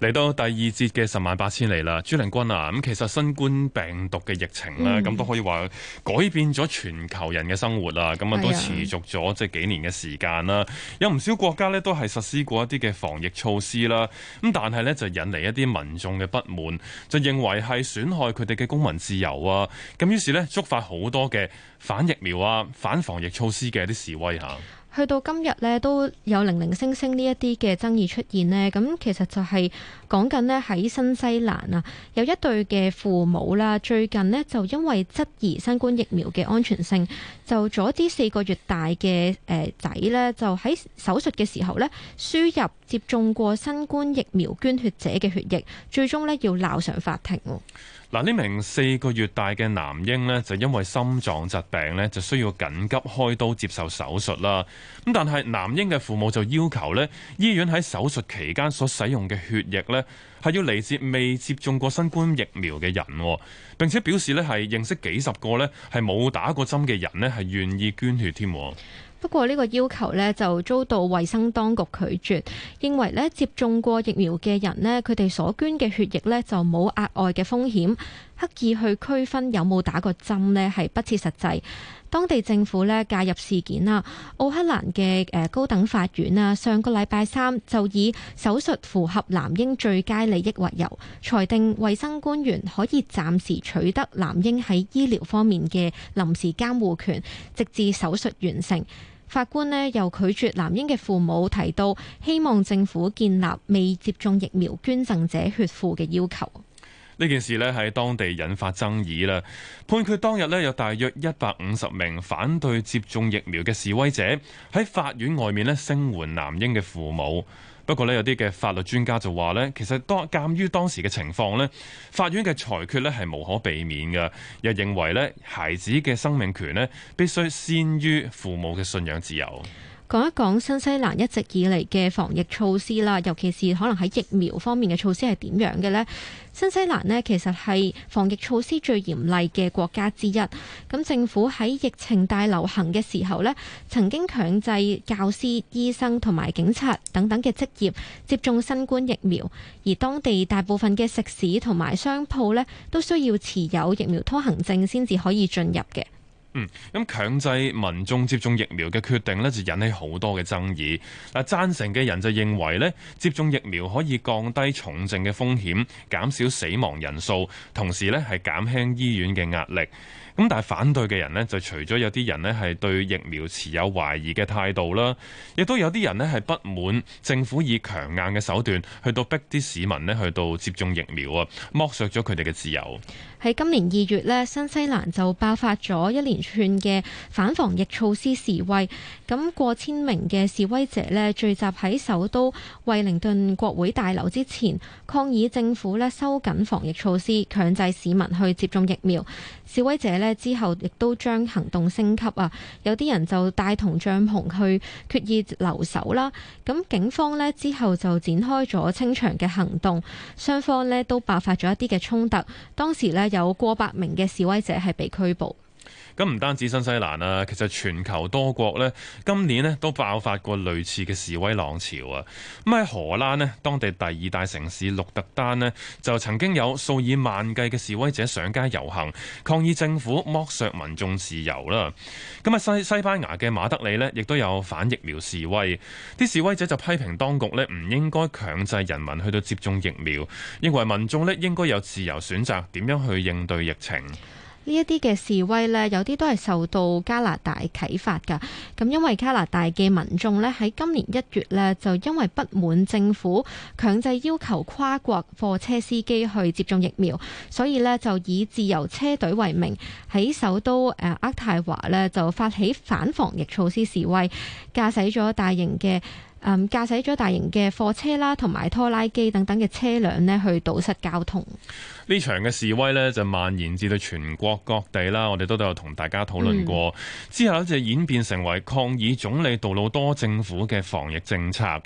嚟到第二節嘅十萬八千里啦，朱凌君啊，咁其實新冠病毒嘅疫情咧，咁、嗯、都可以話改變咗全球人嘅生活啦。咁啊、哎呀，都持續咗即係幾年嘅時間啦。有唔少國家呢，都係實施過一啲嘅防疫措施啦。咁但係呢，就引嚟一啲民眾嘅不滿，就認為係損害佢哋嘅公民自由啊。咁於是呢，觸發好多嘅反疫苗啊、反防疫措施嘅一啲示威嚇。去到今日咧，都有零零星星呢一啲嘅爭議出現咧。咁其實就係講緊咧，喺新西蘭啊，有一對嘅父母啦，最近咧就因為質疑新冠疫苗嘅安全性，就阻止四個月大嘅誒仔咧，就喺手術嘅時候咧輸入。接種過新冠疫苗捐血者嘅血液，最終呢要鬧上法庭。嗱，呢名四個月大嘅男嬰呢，就因為心臟疾病呢，就需要緊急開刀接受手術啦。咁但係男嬰嘅父母就要求呢，醫院喺手術期間所使用嘅血液呢，係要嚟自未接種過新冠疫苗嘅人，並且表示呢，係認識幾十個呢，係冇打過針嘅人呢，係願意捐血添。不過呢個要求呢，就遭到衞生當局拒絕，認為呢，接種過疫苗嘅人呢，佢哋所捐嘅血液呢，就冇額外嘅風險，刻意去區分有冇打過針呢，係不切實際。當地政府呢，介入事件啦，奧克蘭嘅誒高等法院啊，上個禮拜三就以手術符合男嬰最佳利益為由，裁定衞生官員可以暫時取得男嬰喺醫療方面嘅臨時監護權，直至手術完成。法官呢又拒絕男嬰嘅父母提到，希望政府建立未接種疫苗捐贈者血庫嘅要求。呢件事呢喺當地引發爭議啦。判決當日呢，有大約一百五十名反對接種疫苗嘅示威者喺法院外面呢聲援男嬰嘅父母。不過呢，有啲嘅法律專家就話呢，其實當鑒於當時嘅情況呢，法院嘅裁決呢係無可避免嘅。又認為呢，孩子嘅生命權呢必須先於父母嘅信仰自由。講一講新西蘭一直以嚟嘅防疫措施啦，尤其是可能喺疫苗方面嘅措施係點樣嘅呢？新西蘭呢其實係防疫措施最嚴厲嘅國家之一。咁政府喺疫情大流行嘅時候呢，曾經強制教師、醫生同埋警察等等嘅職業接種新冠疫苗，而當地大部分嘅食肆同埋商鋪呢，都需要持有疫苗通行證先至可以進入嘅。嗯，咁強制民眾接種疫苗嘅決定呢，就引起好多嘅爭議。嗱，贊成嘅人就認為呢，接種疫苗可以降低重症嘅風險，減少死亡人數，同時呢係減輕醫院嘅壓力。咁但係反對嘅人咧，就除咗有啲人咧係對疫苗持有懷疑嘅態度啦，亦都有啲人咧係不滿政府以強硬嘅手段去到逼啲市民咧去到接種疫苗啊，剝削咗佢哋嘅自由。喺今年二月咧，新西蘭就爆發咗一連串嘅反防疫措施示威，咁過千名嘅示威者咧聚集喺首都惠靈頓國會大樓之前抗議政府咧收緊防疫措施，強制市民去接種疫苗。示威者咧。之後亦都將行動升級啊！有啲人就帶同帳篷去決意留守啦。咁警方呢，之後就展開咗清場嘅行動，雙方呢都爆發咗一啲嘅衝突。當時呢，有過百名嘅示威者係被拘捕。咁唔單止新西蘭啊，其實全球多國呢，今年呢都爆發過類似嘅示威浪潮啊！咁喺荷蘭呢，當地第二大城市鹿特丹呢，就曾經有數以萬計嘅示威者上街遊行，抗議政府剝削民眾自由啦。咁喺西西班牙嘅馬德里呢，亦都有反疫苗示威，啲示威者就批評當局呢唔應該強制人民去到接種疫苗，認為民眾呢應該有自由選擇點樣去應對疫情。呢一啲嘅示威呢，有啲都係受到加拿大啟發㗎。咁因為加拿大嘅民眾呢，喺今年一月呢，就因為不滿政府強制要求跨國貨車司機去接種疫苗，所以呢，就以自由車隊為名，喺首都誒渥太華呢，就發起反防疫措施示威，駕駛咗大型嘅。嗯，駕駛咗大型嘅貨車啦，同埋拖拉機等等嘅車輛呢，去堵塞交通。呢場嘅示威呢，就蔓延至到全國各地啦。我哋都都有同大家討論過，嗯、之後呢就演變成為抗議總理杜魯多政府嘅防疫政策。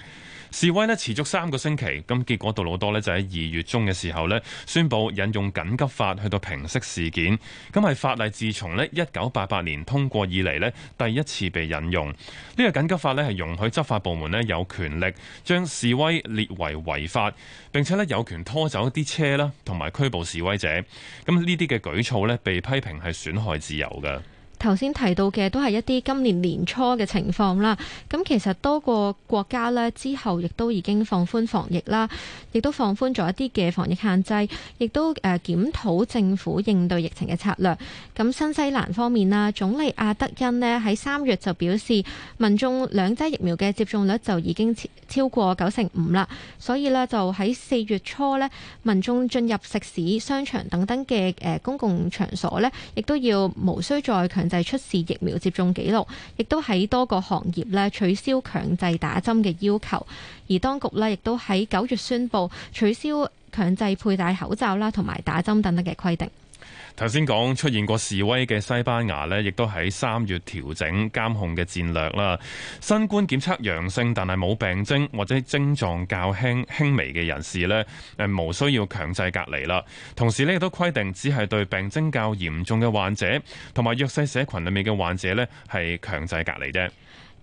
示威咧持續三個星期，咁結果杜魯多咧就喺二月中嘅時候咧，宣布引用緊急法去到平息事件。咁係法例自從咧一九八八年通過以嚟咧第一次被引用。呢個緊急法咧係容許執法部門咧有權力將示威列為違法，並且咧有權拖走一啲車啦，同埋拘捕示威者。咁呢啲嘅舉措咧被批評係損害自由嘅。頭先提到嘅都係一啲今年年初嘅情況啦，咁其實多個國家呢，之後亦都已經放寬防疫啦，亦都放寬咗一啲嘅防疫限制，亦都誒檢討政府應對疫情嘅策略。咁新西蘭方面啦，總理阿德恩呢喺三月就表示，民眾兩劑疫苗嘅接種率就已經超超過九成五啦，所以呢，就喺四月初呢，民眾進入食肆、商場等等嘅誒公共場所呢，亦都要無需再強制，係出示疫苗接種記錄，亦都喺多個行業咧取消強制打針嘅要求，而當局呢亦都喺九月宣布取消強制佩戴口罩啦，同埋打針等等嘅規定。頭先講出現過示威嘅西班牙呢，亦都喺三月調整監控嘅戰略啦。新冠檢測陽性但係冇病徵或者症狀較輕輕微嘅人士呢，誒，無需要強制隔離啦。同時呢，亦都規定，只係對病徵較嚴重嘅患者同埋弱勢社群裏面嘅患者呢，係強制隔離啫。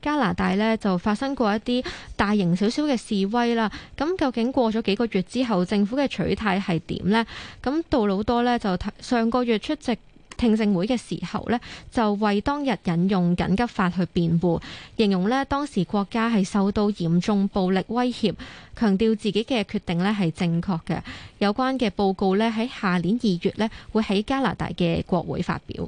加拿大呢就發生過一啲大型少少嘅示威啦，咁究竟過咗幾個月之後，政府嘅取態係點呢？咁杜魯多呢就上個月出席聽證會嘅時候呢，就為當日引用緊急法去辯護，形容呢當時國家係受到嚴重暴力威脅，強調自己嘅決定呢係正確嘅。有關嘅報告呢，喺下年二月呢會喺加拿大嘅國會發表。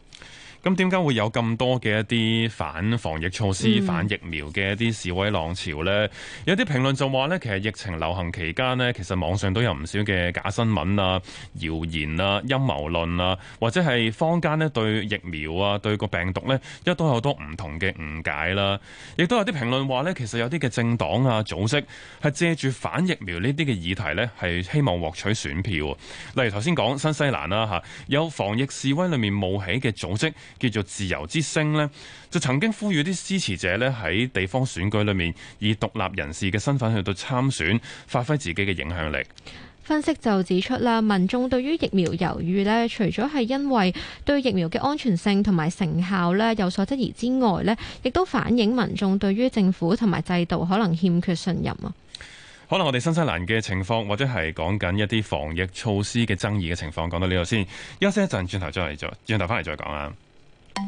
咁點解會有咁多嘅一啲反防疫措施、嗯、反疫苗嘅一啲示威浪潮呢？有啲評論就話呢其實疫情流行期間呢，其實網上都有唔少嘅假新聞啊、謠言啊、陰謀論啊，或者係坊間呢對疫苗啊、對個病毒呢，一都有好多唔同嘅誤解啦。亦都有啲評論話呢其實有啲嘅政黨啊、組織係借住反疫苗呢啲嘅議題呢，係希望獲取選票。例如頭先講新西蘭啦嚇，有防疫示威裏面冒起嘅組織。叫做自由之聲呢，就曾經呼籲啲支持者呢，喺地方選舉裏面以獨立人士嘅身份去到參選，發揮自己嘅影響力。分析就指出啦，民眾對於疫苗猶豫呢，除咗係因為對疫苗嘅安全性同埋成效呢有所質疑之外呢，亦都反映民眾對於政府同埋制度可能欠缺信任啊。可能我哋新西蘭嘅情況或者係講緊一啲防疫措施嘅爭議嘅情況，講到呢度先，休息一陣，轉頭再嚟再轉頭翻嚟再講啊。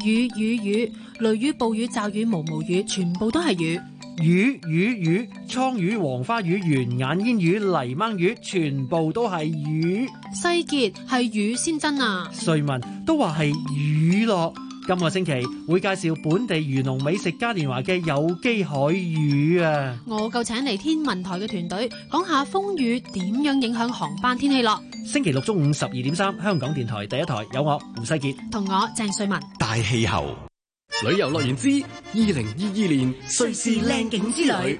雨雨雨，雷雨暴雨驟雨，雨毛毛雨，全部都係雨。魚魚魚，鯧魚黃花魚圓眼煙魚泥鯭魚，全部都係魚。世傑係魚先真啊！瑞文都話係魚咯。今個星期會介紹本地漁農美食嘉年華嘅有機海魚啊！我夠請嚟天文台嘅團隊講下風雨點樣影響航班天氣咯。星期六中午十二點三，3，香港電台第一台有我胡世傑同我鄭瑞文大氣候旅遊樂園之二零二二年瑞士靚景之旅。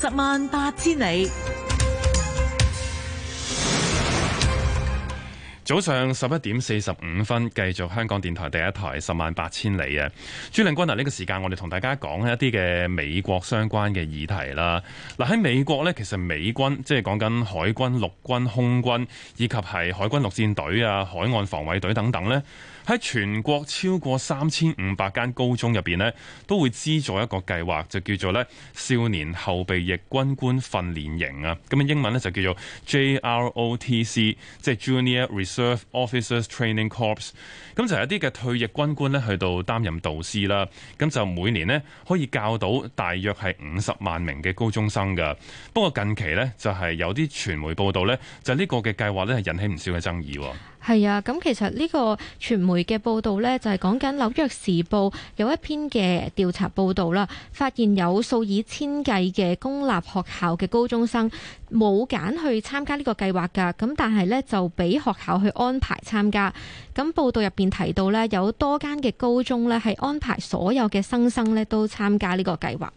十萬八千里。早上十一點四十五分，繼續香港電台第一台十萬八千里啊！朱令君啊，呢個時間我哋同大家講一啲嘅美國相關嘅議題啦。嗱，喺美國咧，其實美軍即係講緊海軍陸軍空軍以及係海軍陸戰隊啊，海岸防衛隊等等咧，喺全國超過三千五百間高中入邊咧，都會資助一個計劃，就叫做咧少年後備役軍官訓練營啊。咁英文咧就叫做 JROTC，即係 Junior Res。serve officers training corps 咁就係一啲嘅退役軍官咧去到擔任導師啦。咁就每年咧可以教到大約係五十萬名嘅高中生㗎。不過近期呢，就係有啲傳媒報道呢，就呢、是、個嘅計劃咧係引起唔少嘅爭議。係啊，咁其實呢個傳媒嘅報道呢，就係講緊《紐約時報》有一篇嘅調查報道啦，發現有數以千計嘅公立學校嘅高中生冇揀去參加呢個計劃噶，咁但係呢，就俾學校去安排參加。咁報道入邊提到呢，有多間嘅高中呢，係安排所有嘅新生呢都參加呢個計劃。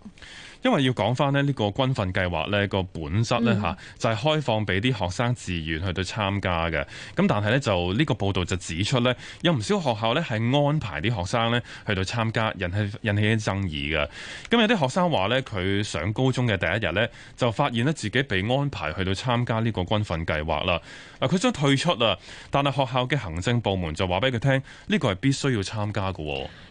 因為要講翻呢，呢個軍訓計劃呢個本質呢，嚇，就係開放俾啲學生自願去到參加嘅。咁但係呢，就呢個報道就指出呢，有唔少學校呢係安排啲學生呢去到參加，引起引起啲爭議嘅。咁有啲學生話呢，佢上高中嘅第一日呢，就發現呢自己被安排去到參加呢個軍訓計劃啦。嗱，佢想退出啦，但係學校嘅行政部門就話俾佢聽，呢個係必須要參加嘅。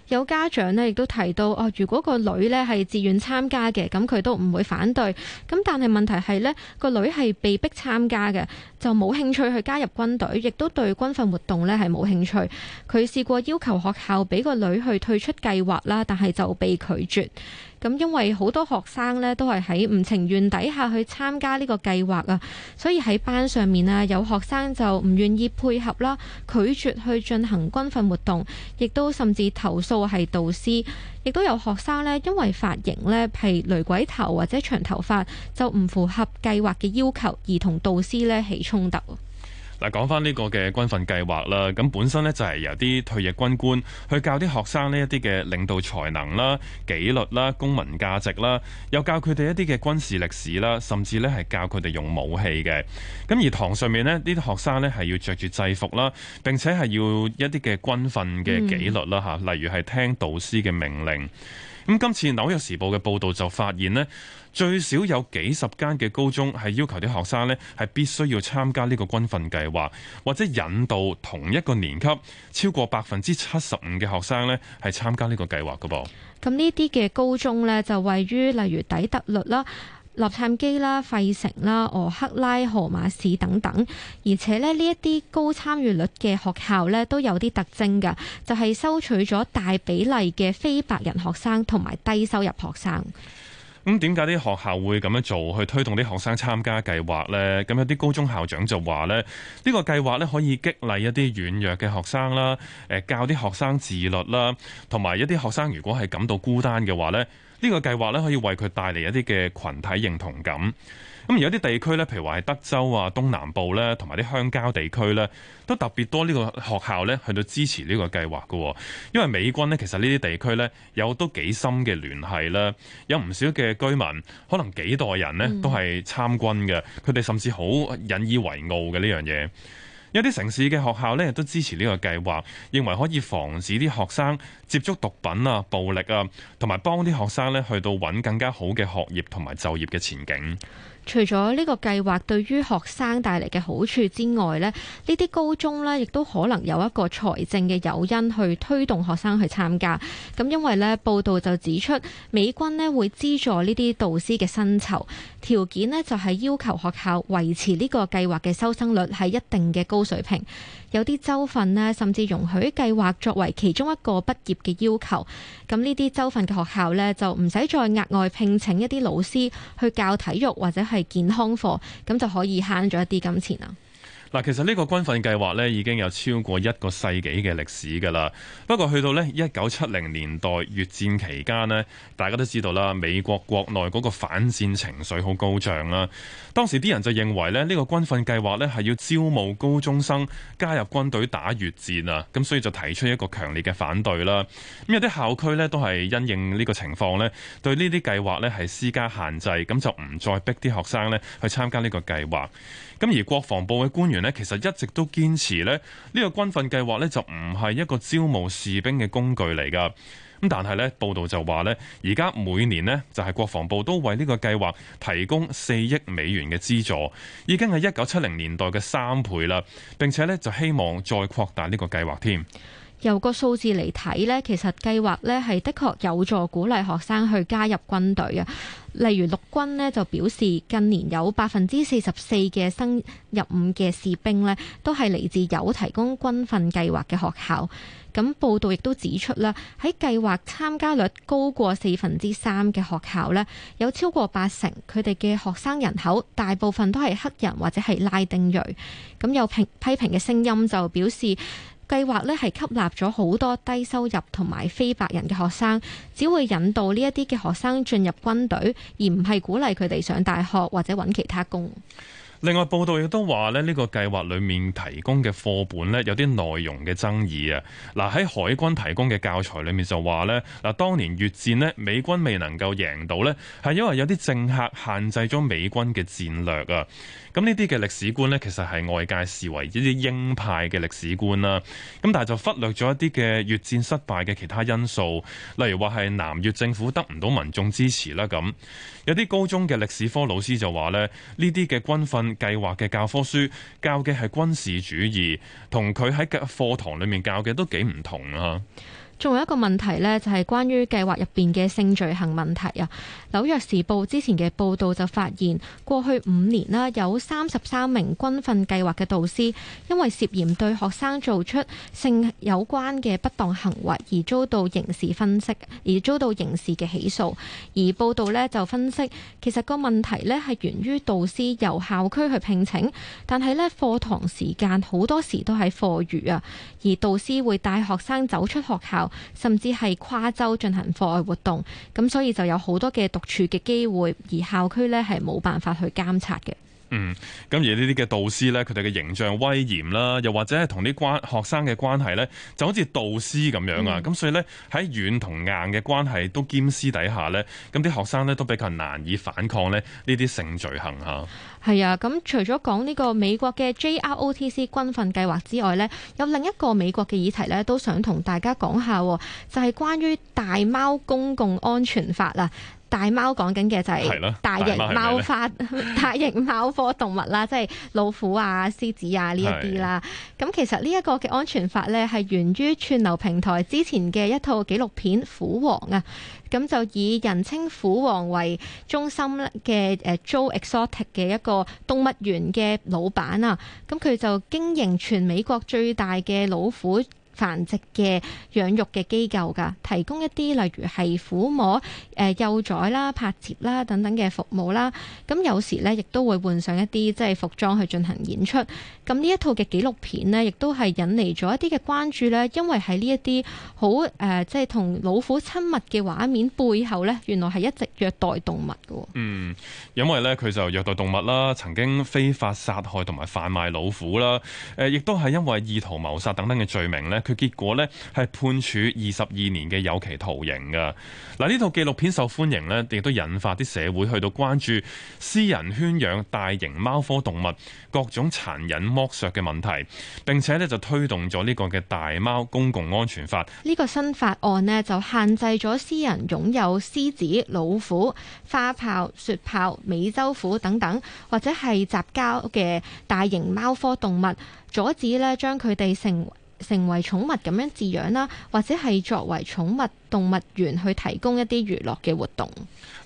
有家長呢亦都提到，哦，如果個女呢係自願參加嘅。咁佢都唔會反對，咁但係問題係咧，個女係被逼參加嘅。就冇興趣去加入軍隊，亦都對軍訓活動咧係冇興趣。佢試過要求學校俾個女去退出計劃啦，但係就被拒絕。咁因為好多學生咧都係喺唔情願底下去參加呢個計劃啊，所以喺班上面啊有學生就唔願意配合啦，拒絕去進行軍訓活動，亦都甚至投訴係導師，亦都有學生咧因為髮型咧係雷鬼頭或者長頭髮，就唔符合計劃嘅要求，而同導師咧起衝突嗱，講翻呢個嘅軍訓計劃啦，咁本身呢就係由啲退役軍官去教啲學生呢一啲嘅領導才能啦、紀律啦、公民價值啦，又教佢哋一啲嘅軍事歷史啦，甚至呢係教佢哋用武器嘅。咁而堂上面呢啲學生呢係要着住制服啦，並且係要一啲嘅軍訓嘅紀律啦，吓、嗯，例如係聽導師嘅命令。咁今次《紐約時報》嘅報導就發現咧，最少有幾十間嘅高中係要求啲學生咧係必須要參加呢個軍訓計劃，或者引導同一個年級超過百分之七十五嘅學生咧係參加呢個計劃㗎噃。咁呢啲嘅高中呢，就位於例如底特律啦。洛杉磯啦、費城啦、俄克拉荷馬市等等，而且呢，呢一啲高參與率嘅學校呢都有啲特徵㗎，就係收取咗大比例嘅非白人學生同埋低收入學生。咁點解啲學校會咁樣做去推動啲學生參加計劃呢？咁有啲高中校長就話呢，呢個計劃呢可以激勵一啲軟弱嘅學生啦，誒教啲學生自律啦，同埋一啲學生如果係感到孤單嘅話呢。呢個計劃咧可以為佢帶嚟一啲嘅群體認同感。咁有啲地區咧，譬如話係德州啊、東南部咧，同埋啲鄉郊地區咧，都特別多呢個學校咧去到支持呢個計劃㗎。因為美軍咧，其實呢啲地區咧有都幾深嘅聯繫啦，有唔少嘅居民可能幾代人咧都係參軍嘅，佢哋、嗯、甚至好引以為傲嘅呢樣嘢。有啲城市嘅學校咧，都支持呢個計劃，認為可以防止啲學生接觸毒品啊、暴力啊，同埋幫啲學生咧去到揾更加好嘅學業同埋就業嘅前景。除咗呢個計劃對於學生帶嚟嘅好處之外，呢呢啲高中呢亦都可能有一個財政嘅誘因去推動學生去參加。咁因為呢報道就指出，美軍呢會資助呢啲導師嘅薪酬，條件呢就係要求學校維持呢個計劃嘅收生率喺一定嘅高水平。有啲州份呢，甚至容許計劃作為其中一個畢業嘅要求。咁呢啲州份嘅學校呢，就唔使再額外聘請一啲老師去教體育或者係健康課，咁就可以慳咗一啲金錢啦。嗱，其實呢個軍訓計劃咧已經有超過一個世紀嘅歷史㗎啦。不過去到呢一九七零年代越戰期間咧，大家都知道啦，美國國內嗰個反戰情緒好高漲啦。當時啲人就認為咧，呢個軍訓計劃咧係要招募高中生加入軍隊打越戰啊，咁所以就提出一個強烈嘅反對啦。咁有啲校區咧都係因應呢個情況咧，對呢啲計劃咧係施加限制，咁就唔再逼啲學生咧去參加呢個計劃。咁而國防部嘅官員呢，其實一直都堅持呢，呢個軍訓計劃呢，就唔係一個招募士兵嘅工具嚟㗎。咁但係呢，報道就話呢，而家每年呢，就係國防部都為呢個計劃提供四億美元嘅資助，已經係一九七零年代嘅三倍啦。並且呢，就希望再擴大呢個計劃添。由個數字嚟睇呢，其實計劃呢係的確有助鼓勵學生去加入軍隊啊。例如陸軍呢，就表示，近年有百分之四十四嘅新入伍嘅士兵呢，都係嚟自有提供軍訓計劃嘅學校。咁報道亦都指出啦，喺計劃參加率高過四分之三嘅學校呢，有超過八成佢哋嘅學生人口，大部分都係黑人或者係拉丁裔。咁有評批評嘅聲音就表示，計劃呢係吸納咗好多低收入同埋非白人嘅學生，只會引導呢一啲嘅學生進入軍隊，而唔係鼓勵佢哋上大學或者揾其他工。另外報道亦都話咧，呢個計劃裡面提供嘅課本呢，有啲內容嘅爭議啊！嗱，喺海軍提供嘅教材裡面就話呢，嗱，當年越戰呢，美軍未能夠贏到呢，係因為有啲政客限制咗美軍嘅戰略啊！咁呢啲嘅歷史觀呢，其實係外界視為一啲鷹派嘅歷史觀啦。咁但係就忽略咗一啲嘅越戰失敗嘅其他因素，例如話係南越政府得唔到民眾支持啦。咁有啲高中嘅歷史科老師就話呢，呢啲嘅軍訓計劃嘅教科書教嘅係軍事主義同佢喺課堂裏面教嘅都幾唔同啊！仲有一個問題咧，就係關於計劃入邊嘅性罪行問題啊！紐約時報之前嘅報道就發現過去五年啦，有三十三名軍訓計劃嘅導師因為涉嫌對學生做出性有關嘅不當行為而遭到刑事分析，而遭到刑事嘅起訴，而報道咧就分析，其實個問題咧係源於導師由校區去聘請，但係咧課堂時間好多時都係課餘啊，而導師會帶學生走出學校。甚至係跨州進行課外活動，咁所以就有好多嘅獨處嘅機會，而校區呢係冇辦法去監察嘅。嗯，咁而呢啲嘅導師呢，佢哋嘅形象威嚴啦，又或者係同啲關學生嘅關係呢，就好似導師咁樣啊。咁、嗯、所以呢，喺軟同硬嘅關係都兼施底下呢，咁啲學生呢都比較難以反抗咧呢啲性罪行嚇。係啊，咁、嗯、除咗講呢個美國嘅 JROTC 軍訓計劃之外呢，有另一個美國嘅議題呢，都想同大家講下，就係、是、關於大貓公共安全法啦。大貓講緊嘅就係大，大，大型貓科動物啦， 即係老虎啊、獅子啊呢一啲啦。咁的其實呢一個嘅安全法呢，係源於串流平台之前嘅一套紀錄片《虎王》啊。咁就以人稱虎王為中心嘅誒 Joe Exotic 嘅一個動物園嘅老闆啊，咁佢就經營全美國最大嘅老虎。繁殖嘅養育嘅機構㗎，提供一啲例如係撫摸、誒、呃、幼崽啦、拍攝啦等等嘅服務啦。咁有時呢，亦都會換上一啲即係服裝去進行演出。咁呢一套嘅紀錄片呢，亦都係引嚟咗一啲嘅關注呢，因為喺呢一啲好誒，即係同老虎親密嘅畫面背後呢，原來係一直虐待動物嘅。嗯，因為呢，佢就虐待動物啦，曾經非法殺害同埋販賣老虎啦。誒、呃，亦都係因為意圖謀殺等等嘅罪名呢。嘅結果呢係判處二十二年嘅有期徒刑噶。嗱，呢套紀錄片受歡迎呢，亦都引發啲社會去到關注私人圈養大型貓科動物各種殘忍剝削嘅問題，並且呢就推動咗呢個嘅大貓公共安全法。呢個新法案呢，就限制咗私人擁有獅子、老虎、花豹、雪豹、美洲虎等等，或者係雜交嘅大型貓科動物，阻止呢將佢哋成成為寵物咁樣飼養啦，或者係作為寵物動物園去提供一啲娛樂嘅活動。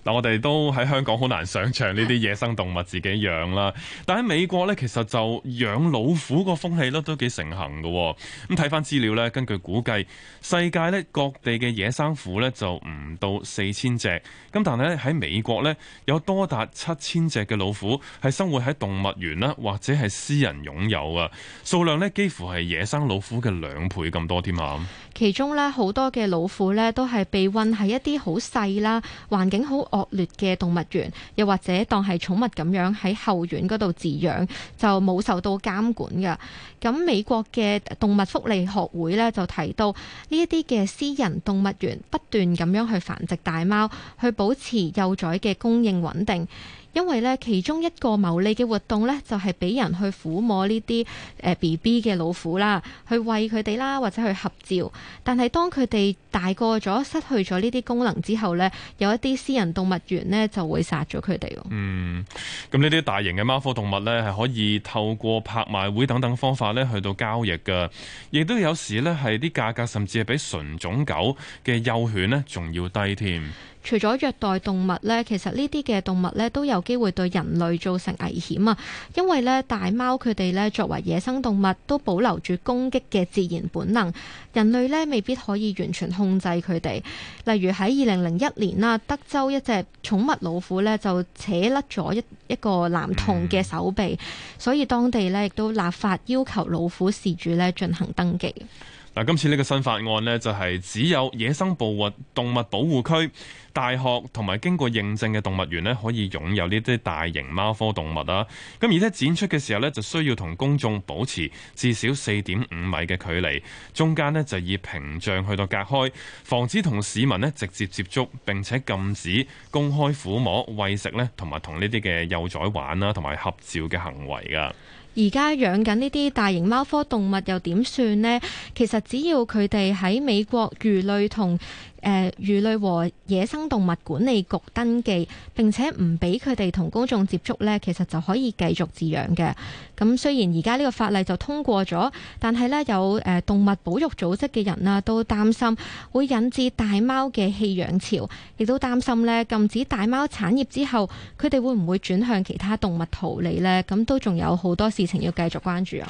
嗱，我哋都喺香港好難想像呢啲野生動物自己養啦。但喺美國呢，其實就養老虎個風氣咧都幾成行噶，哦。咁睇翻資料呢，根據估計，世界咧各地嘅野生虎呢就唔到四千隻。咁但係咧喺美國呢，有多達七千隻嘅老虎係生活喺動物園啦，或者係私人擁有啊。數量呢幾乎係野生老虎嘅兩倍咁多添啊。其中呢，好多嘅老虎呢都係被運喺一啲好細啦，環境好惡劣嘅動物園，又或者當係寵物咁樣喺後院嗰度飼養，就冇受到監管嘅。咁美國嘅動物福利學會咧就提到，呢一啲嘅私人動物園不斷咁樣去繁殖大貓，去保持幼崽嘅供應穩定。因為咧，其中一個牟利嘅活動呢，就係俾人去撫摸呢啲誒 B B 嘅老虎啦，去餵佢哋啦，或者去合照。但係當佢哋大過咗，失去咗呢啲功能之後呢，有一啲私人動物園呢，就會殺咗佢哋喎。嗯，咁呢啲大型嘅貓科動物呢，係可以透過拍賣會等等方法呢去到交易㗎，亦都有時呢，係啲價格甚至係比純種狗嘅幼犬呢仲要低添。除咗虐待動物呢，其實呢啲嘅動物呢都有機會對人類造成危險啊！因為呢，大貓佢哋呢作為野生動物，都保留住攻擊嘅自然本能，人類呢未必可以完全控制佢哋。例如喺二零零一年啦，德州一隻寵物老虎呢就扯甩咗一一個男童嘅手臂，所以當地呢亦都立法要求老虎事主呢進行登記。嗱，今次呢個新法案呢，就係只有野生保護動物保護區、大學同埋經過認證嘅動物園呢，可以擁有呢啲大型貓科動物啦。咁而且展出嘅時候呢，就需要同公眾保持至少四點五米嘅距離，中間呢就以屏障去到隔開，防止同市民呢直接接觸，並且禁止公開撫摸、餵食呢，同埋同呢啲嘅幼仔玩啦，同埋合照嘅行為噶。而家養緊呢啲大型貓科動物，又點算呢？其實只要佢哋喺美國魚類同。誒魚類和野生動物管理局登記，並且唔俾佢哋同公眾接觸呢，其實就可以繼續飼養嘅。咁雖然而家呢個法例就通過咗，但係呢，有誒動物保育組織嘅人啊都擔心會引致大貓嘅棄養潮，亦都擔心呢禁止大貓產業之後，佢哋會唔會轉向其他動物逃離呢？咁都仲有好多事情要繼續關注啊！